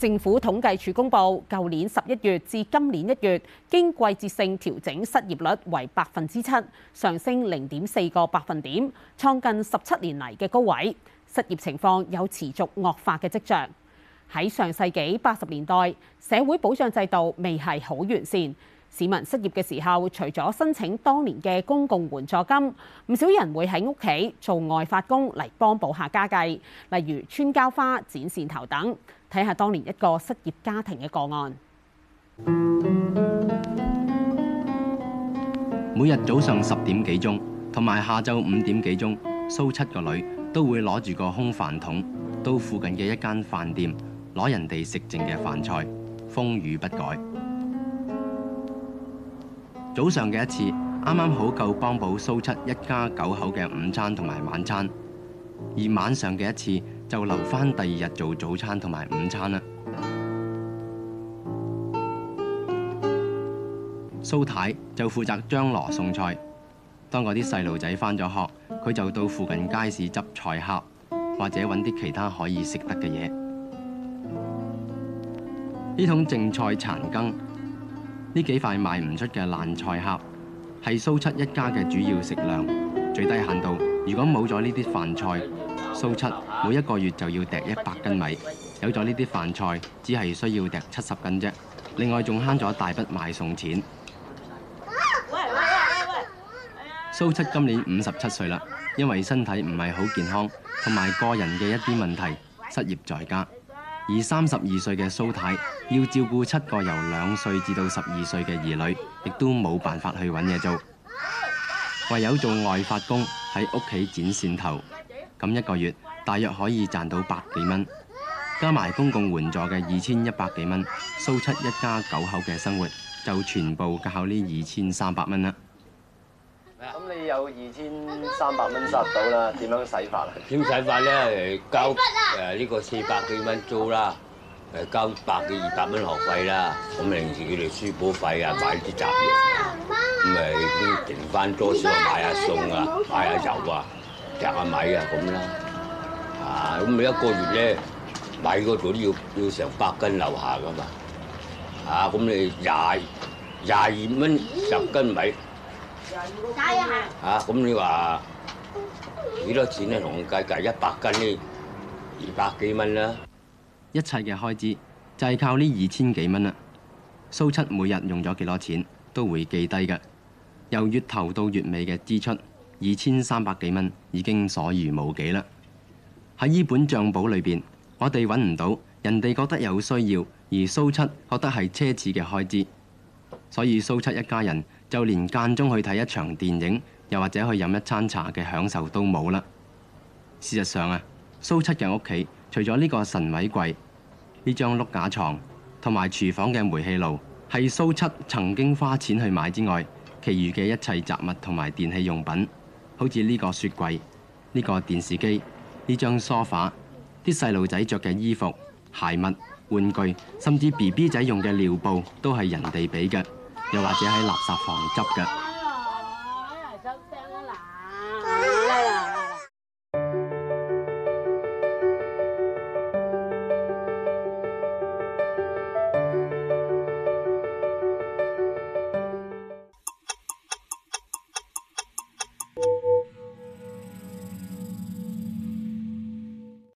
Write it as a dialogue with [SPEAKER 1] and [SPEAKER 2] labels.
[SPEAKER 1] 政府統計處公布，舊年十一月至今年一月，經季節性調整失業率為百分之七，上升零點四個百分點，創近十七年嚟嘅高位，失業情況有持續惡化嘅跡象。喺上世紀八十年代，社會保障制度未係好完善。市民失業嘅時候，除咗申請當年嘅公共援助金，唔少人會喺屋企做外發工嚟幫補下家計，例如穿膠花、剪線頭等。睇下當年一個失業家庭嘅個案。
[SPEAKER 2] 每日早上十點幾鐘，同埋下晝五點幾鐘，蘇七個女都會攞住個空飯桶，到附近嘅一間飯店攞人哋食剩嘅飯菜，風雨不改。早上嘅一次，啱啱好夠幫補蘇七一家九口嘅午餐同埋晚餐；而晚上嘅一次就留翻第二日做早餐同埋午餐啦。蘇太太就負責張羅送菜，當嗰啲細路仔返咗學，佢就到附近街市執菜餡，或者揾啲其他可以食得嘅嘢。呢桶剩菜殘羹。呢幾塊賣唔出嘅爛菜盒係蘇七一家嘅主要食糧，最低限度，如果冇咗呢啲飯菜，蘇七每一個月就要掟一百斤米；有咗呢啲飯菜，只係需要掟七十斤啫。另外仲慳咗大筆買餸錢。蘇七今年五十七歲啦，因為身體唔係好健康同埋個人嘅一啲問題，失業在家。而三十二歲嘅蘇太要照顧七個由兩歲至到十二歲嘅兒女，亦都冇辦法去揾嘢做，唯有做外發工喺屋企剪線頭，咁一個月大約可以賺到百幾蚊，加埋公共援助嘅二千一百幾蚊，蘇七一家九口嘅生活就全部靠呢二
[SPEAKER 3] 千三百蚊啦。有二千三百蚊收到啦，點樣使法啊？點使法咧？誒交誒呢個四百幾蚊租啦，誒交百幾二百蚊學費啦，咁平時佢哋書簿費啊，買啲雜物，咁咪都剩翻多少啊？買下餸啊，買下油啊，掟下米啊咁啦。啊，咁你一個月咧買嗰度都要要成百斤留下噶嘛？啊，咁你廿廿二蚊十斤米？吓咁，啊、你話幾多錢咧？同我計計，一百斤呢？二百幾蚊啦。一切嘅開支
[SPEAKER 2] 就係、是、靠呢二千幾蚊啦。蘇七每日用咗幾多錢都會記低噶，由月頭到月尾嘅支出二千三百幾蚊已經所餘無幾啦。喺呢本賬簿裏邊，我哋揾唔到人哋覺得有需要，而蘇七覺得係奢侈嘅開支，所以蘇七一家人。就連間中去睇一場電影，又或者去飲一餐茶嘅享受都冇啦。事實上啊，蘇七嘅屋企除咗呢個神位櫃、呢張碌架床同埋廚房嘅煤氣爐係蘇七曾經花錢去買之外，其餘嘅一切雜物同埋電器用品，好似呢個雪櫃、呢個電視機、呢張梳化、啲細路仔着嘅衣服、鞋襪、玩具，甚至 BB 仔用嘅尿布，都係人哋俾嘅。又或者喺垃圾
[SPEAKER 3] 房執嘅。